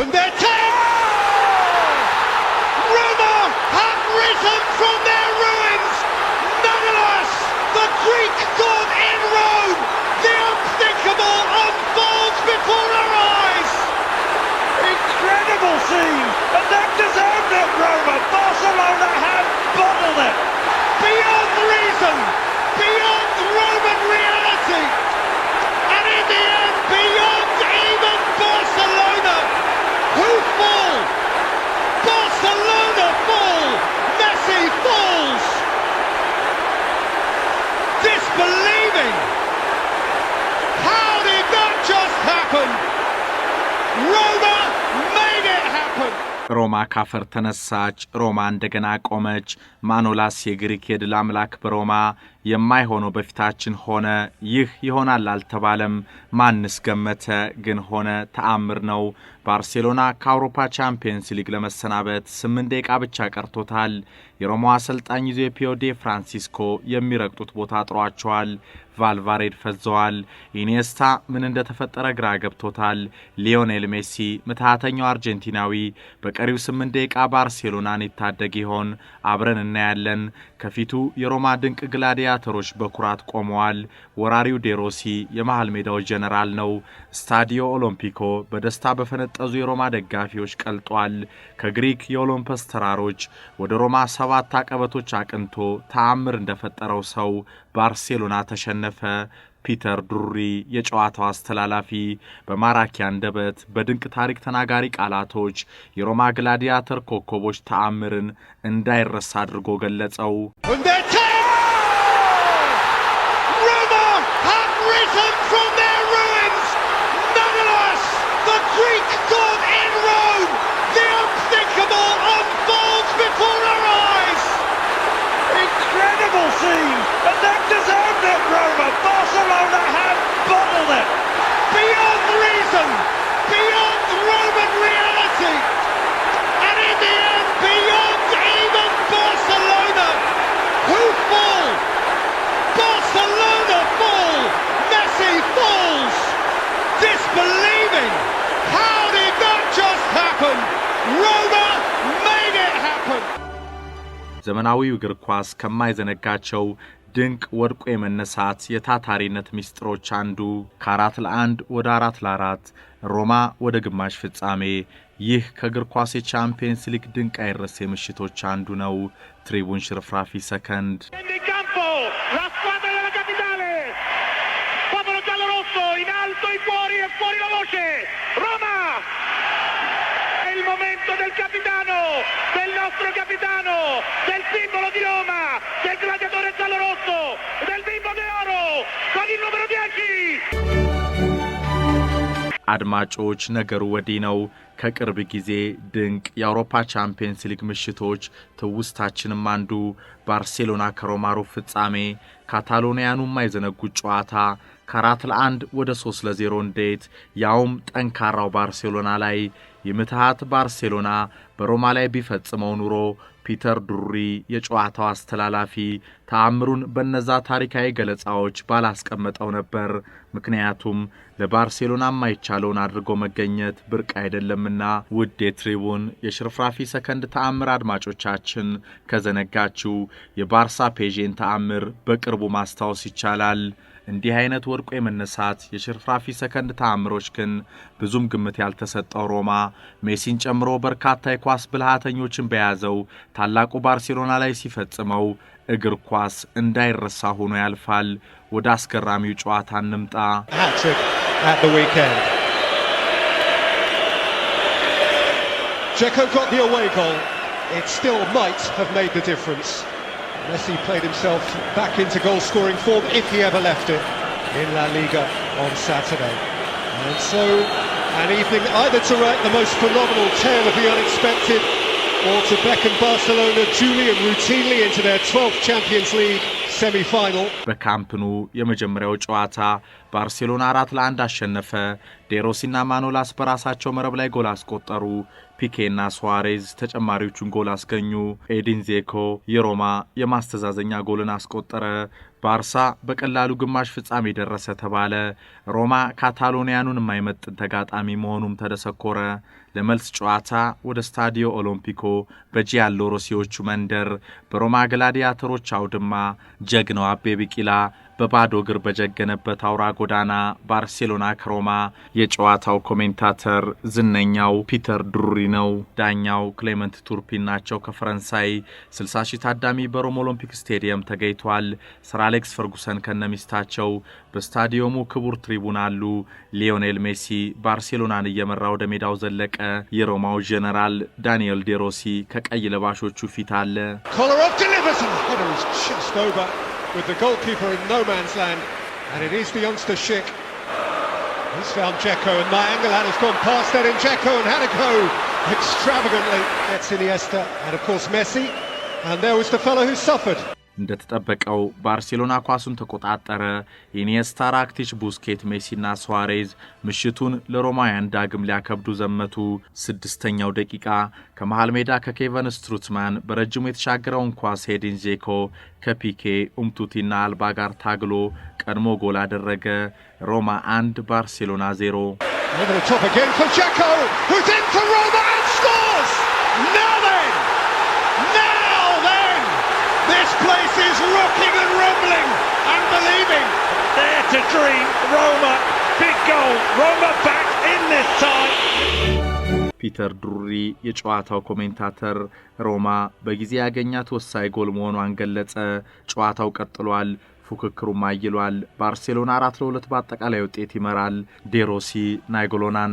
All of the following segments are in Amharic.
From that time. ሮማ ካፈር ተነሳች። ሮማ እንደገና ቆመች። ማኖላስ የግሪክ የድል አምላክ በሮማ የማይሆነው በፊታችን ሆነ። ይህ ይሆናል አልተባለም። ማንስ ገመተ? ግን ሆነ። ተአምር ነው። ባርሴሎና ከአውሮፓ ቻምፒየንስ ሊግ ለመሰናበት ስምንት ደቂቃ ብቻ ቀርቶታል። የሮማው አሰልጣኝ ዜ ፒዮዴ ፍራንሲስኮ የሚረግጡት ቦታ ጥሯቸዋል። ቫልቫሬድ ፈዘዋል። ኢኔስታ ምን እንደተፈጠረ ግራ ገብቶታል። ሊዮኔል ሜሲ ምትሃተኛው አርጀንቲናዊ በቀሪው ስምንት ደቂቃ ባርሴሎናን ይታደግ ይሆን? አብረን እናያለን። ከፊቱ የሮማ ድንቅ ግላዲያተሮች በኩራት ቆመዋል። ወራሪው ዴሮሲ የመሃል ሜዳው ጀነራል ነው። ስታዲዮ ኦሎምፒኮ በደስታ በፈነጠ የተቀዘቀዙ የሮማ ደጋፊዎች ቀልጧል። ከግሪክ የኦሎምፐስ ተራሮች ወደ ሮማ ሰባት አቀበቶች አቅንቶ ተአምር እንደፈጠረው ሰው ባርሴሎና ተሸነፈ። ፒተር ዱሪ የጨዋታው አስተላላፊ በማራኪ አንደበት በድንቅ ታሪክ ተናጋሪ ቃላቶች የሮማ ግላዲያተር ኮከቦች ተአምርን እንዳይረሳ አድርጎ ገለጸው። ዘመናዊው እግር ኳስ ከማይዘነጋቸው ድንቅ ወድቆ የመነሳት የታታሪነት ምስጢሮች አንዱ ከአራት ለአንድ ወደ አራት ለአራት ሮማ ወደ ግማሽ ፍጻሜ ይህ ከእግር ኳስ የቻምፒየንስ ሊግ ድንቅ አይረሴ ምሽቶች አንዱ ነው። ትሪቡን ሽርፍራፊ ሰከንድ gol del capitano, del nostro capitano, del simbolo di Roma, del gladiatore giallorosso, del bimbo di oro, con il numero 10! አድማጮች ነገሩ ወዲህ ነው። ከቅርብ ጊዜ ድንቅ የአውሮፓ ቻምፒየንስ ሊግ ምሽቶች ትውስታችንም አንዱ ባርሴሎና ከሮማሮ ፍጻሜ፣ ካታሎኒያኑ የማይዘነጉት ጨዋታ ከአራት ለአንድ ወደ ሶስት ለዜሮ እንዴት ያውም ጠንካራው ባርሴሎና ላይ የምትሃት ባርሴሎና በሮማ ላይ ቢፈጽመው ኑሮ ፒተር ዱሪ የጨዋታው አስተላላፊ ተአምሩን በነዛ ታሪካዊ ገለጻዎች ባላስቀመጠው ነበር። ምክንያቱም ለባርሴሎና የማይቻለውን አድርጎ መገኘት ብርቅ አይደለምና። ውድ የትሪቡን የሽርፍራፊ ሰከንድ ተአምር አድማጮቻችን ከዘነጋችው የባርሳ ፔዥን ተአምር በቅርቡ ማስታወስ ይቻላል። እንዲህ አይነት ወድቆ የመነሳት የሽርፍራፊ ሰከንድ ተአምሮች ግን ብዙም ግምት ያልተሰጠው ሮማ ሜሲን ጨምሮ በርካታ የኳስ ብልሃተኞችን በያዘው ታላቁ ባርሴሎና ላይ ሲፈጽመው እግር ኳስ እንዳይረሳ ሆኖ ያልፋል። ወደ አስገራሚው ጨዋታ እንምጣ። got the away goal. It still might have made the difference. Messi played himself back into goal-scoring form, if he ever left it, in La Liga on Saturday. And so, an evening either to write the most phenomenal tale of the unexpected, or to beckon Barcelona duly and routinely into their 12th Champions League semi-final. ባርሴሎና አራት ለአንድ አሸነፈ። ዴሮሲና ማኖላስ በራሳቸው መረብ ላይ ጎል አስቆጠሩ። ፒኬና ሶዋሬዝ ተጨማሪዎቹን ጎል አስገኙ። ኤዲን ዜኮ የሮማ የማስተዛዘኛ ጎልን አስቆጠረ። ባርሳ በቀላሉ ግማሽ ፍጻሜ ደረሰ ተባለ። ሮማ ካታሎኒያኑን የማይመጥን ተጋጣሚ መሆኑም ተደሰኮረ። ለመልስ ጨዋታ ወደ ስታዲዮ ኦሎምፒኮ በጂያሎ ሮሲዎቹ መንደር በሮማ ግላዲያተሮች አውድማ ጀግናው አቤ ቢቂላ በባዶ እግር በጀገነበት አውራ ጎዳና ባርሴሎና ከሮማ የጨዋታው ኮሜንታተር ዝነኛው ፒተር ድሩሪ ነው። ዳኛው ክሌመንት ቱርፒን ናቸው። ከፈረንሳይ 60 ሺህ ታዳሚ በሮም ኦሎምፒክ ስቴዲየም ተገኝቷል። ሰር አሌክስ ፈርጉሰን ከነሚስታቸው በስታዲየሙ ክቡር ትሪቡን አሉ። ሊዮኔል ሜሲ ባርሴሎናን እየመራ ወደ ሜዳው ዘለቀ። የሮማው ጄኔራል ዳንኤል ዴሮሲ ከቀይ ለባሾቹ ፊት አለ። with the goalkeeper in no man's land, and it is the youngster Schick. He's found Jekko, and Nyangalan has gone past that, in Jekko and had a go extravagantly. That's Iniesta, and of course Messi, and there was the fellow who suffered. እንደተጠበቀው ባርሴሎና ኳሱን ተቆጣጠረ። ኢኒየስታ፣ ራክቲች፣ ቡስኬት፣ ሜሲና ሱዋሬዝ ምሽቱን ለሮማውያን ዳግም ሊያከብዱ ዘመቱ። ስድስተኛው ደቂቃ ከመሃል ሜዳ ከኬቨን ስትሩትማን በረጅሙ የተሻገረውን ኳስ ሄዲን ዜኮ ከፒኬ ኡምቱቲና አልባ ጋር ታግሎ ቀድሞ ጎል አደረገ። ሮማ አንድ ባርሴሎና ዜሮ This place is rocking and rumbling and believing. There to dream, Roma. Big goal, Roma back in this time. ፒተር ዱሪ የጨዋታው ኮሜንታተር ሮማ በጊዜ ያገኛት ወሳኝ ጎል መሆኗን ገለጸ። ጨዋታው ቀጥሏል። ፉክክሩም አይሏል። ባርሴሎና አራት ለሁለት በአጠቃላይ ውጤት ይመራል። ዴሮሲ ናይጎሎናን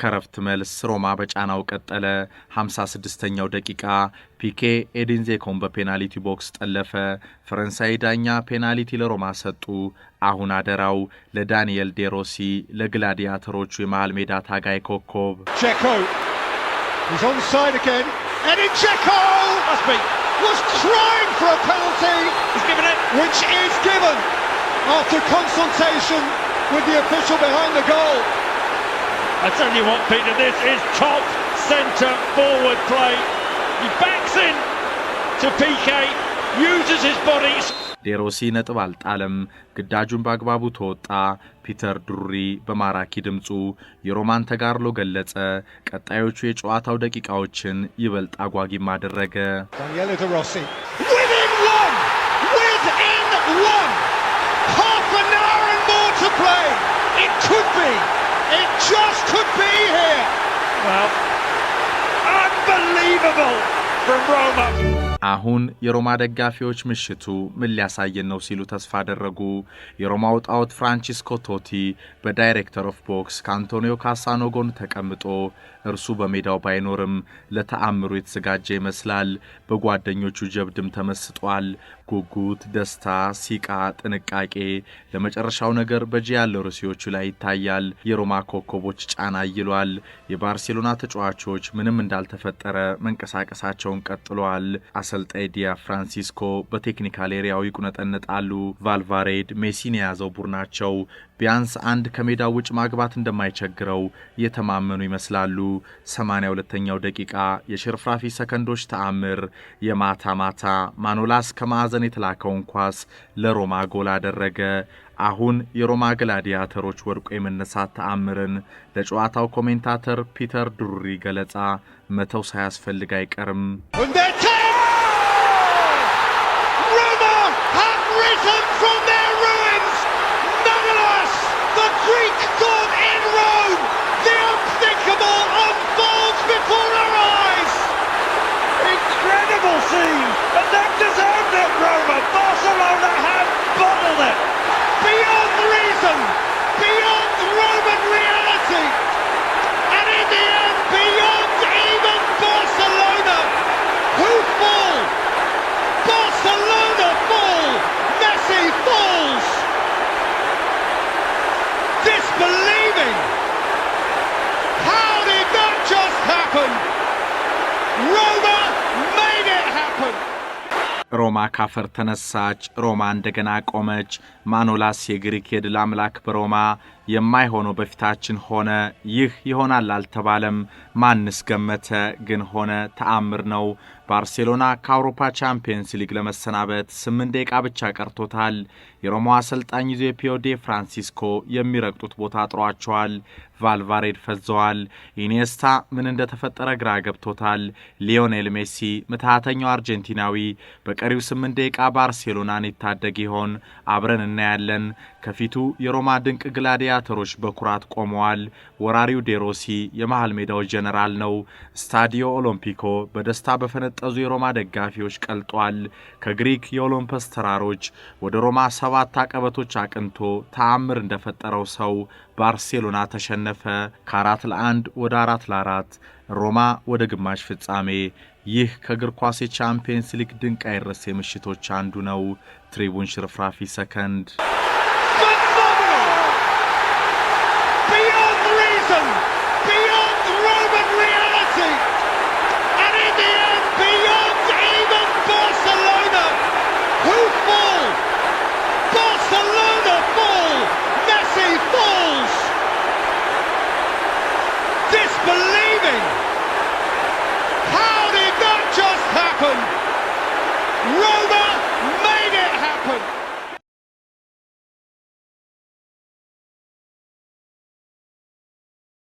ከረፍት መልስ ሮማ በጫናው ቀጠለ። 56ኛው ደቂቃ ፒኬ ኤድንዜኮን በፔናሊቲ ቦክስ ጠለፈ። ፈረንሳይ ዳኛ ፔናልቲ ለሮማ ሰጡ። አሁን አደራው ለዳንኤል ዴሮሲ ለግላዲያተሮቹ የመሃል ሜዳ ታጋይ ኮከብ ቼኮ I tell you what, Peter, this is top centre forward play. He backs in to PK, uses his body. ዴሮሲ ነጥብ አልጣለም፣ ግዳጁን በአግባቡ ተወጣ። ፒተር ዱሪ በማራኪ ድምፁ የሮማን ተጋድሎ ገለጸ። ቀጣዮቹ የጨዋታው ደቂቃዎችን ይበልጥ አጓጊም አደረገ። Within one, half an hour and more to play. It could be It just could be here. Well, unbelievable from Roma. አሁን የሮማ ደጋፊዎች ምሽቱ ምን ሊያሳየን ነው ሲሉ ተስፋ አደረጉ። የሮማው ጣዖት ፍራንቺስኮ ቶቲ በዳይሬክተር ኦፍ ቦክስ ከአንቶኒዮ ካሳኖ ጎን ተቀምጦ እርሱ በሜዳው ባይኖርም ለተአምሩ የተዘጋጀ ይመስላል። በጓደኞቹ ጀብድም ተመስጧል። ጉጉት፣ ደስታ፣ ሲቃ፣ ጥንቃቄ ለመጨረሻው ነገር ያለ ሩሲዎቹ ላይ ይታያል። የሮማ ኮከቦች ጫና ይሏል። የባርሴሎና ተጫዋቾች ምንም እንዳልተፈጠረ መንቀሳቀሳቸውን ቀጥለዋል። አሰልጣኝ ዲያ ፍራንሲስኮ በቴክኒካል ኤሪያው ይቁነጠነጣሉ። ቫልቫሬድ ሜሲን የያዘው ቡድናቸው ቢያንስ አንድ ከሜዳው ውጭ ማግባት እንደማይቸግረው የተማመኑ ይመስላሉ። 82ኛው ደቂቃ የሽርፍራፊ ሰከንዶች ተአምር። የማታ ማታ ማኖላስ ከማዕዘን የተላከውን ኳስ ለሮማ ጎል አደረገ። አሁን የሮማ ግላዲያተሮች ወድቆ የመነሳት ተአምርን ለጨዋታው ኮሜንታተር ፒተር ድሩሪ ገለጻ መተው ሳያስፈልግ አይቀርም። scene, and they deserved it, Roma. Barcelona have bottled it. Beyond reason, beyond Roman reality, and in the end, beyond even Barcelona, who fall. Barcelona fall. Messi falls. Disbelieving. How did that just happen? Roma ሮማ ካፈር ተነሳች፣ ሮማ እንደገና ቆመች። ማኖላስ የግሪክ የድል አምላክ በሮማ የማይሆነው በፊታችን ሆነ። ይህ ይሆናል አልተባለም። ማንስ ገመተ? ግን ሆነ። ተአምር ነው። ባርሴሎና ከአውሮፓ ቻምፒየንስ ሊግ ለመሰናበት ስምንት ደቂቃ ብቻ ቀርቶታል። የሮማ አሰልጣኝ ዩዜፒዮ ዴ ፍራንሲስኮ የሚረግጡት ቦታ አጥሯቸዋል። ቫልቫሬድ ፈዘዋል። ኢኔስታ ምን እንደተፈጠረ ግራ ገብቶታል። ሊዮኔል ሜሲ ምትሃተኛው አርጀንቲናዊ በቀሪው ስምንት ደቂቃ ባርሴሎናን ይታደግ ይሆን? አብረን እናያለን። ከፊቱ የሮማ ድንቅ ግላዲያ ግላዲያተሮች በኩራት ቆመዋል። ወራሪው ዴሮሲ የመሃል ሜዳው ጀነራል ነው። ስታዲዮ ኦሎምፒኮ በደስታ በፈነጠዙ የሮማ ደጋፊዎች ቀልጧል። ከግሪክ የኦሎምፐስ ተራሮች ወደ ሮማ ሰባት አቀበቶች አቅንቶ ተአምር እንደፈጠረው ሰው ባርሴሎና ተሸነፈ። ከአራት ለአንድ ወደ አራት ለአራት ሮማ ወደ ግማሽ ፍጻሜ። ይህ ከእግር ኳስ የቻምፒየንስ ሊግ ድንቅ አይረሴ ምሽቶች አንዱ ነው። ትሪቡን ሽርፍራፊ ሰከንድ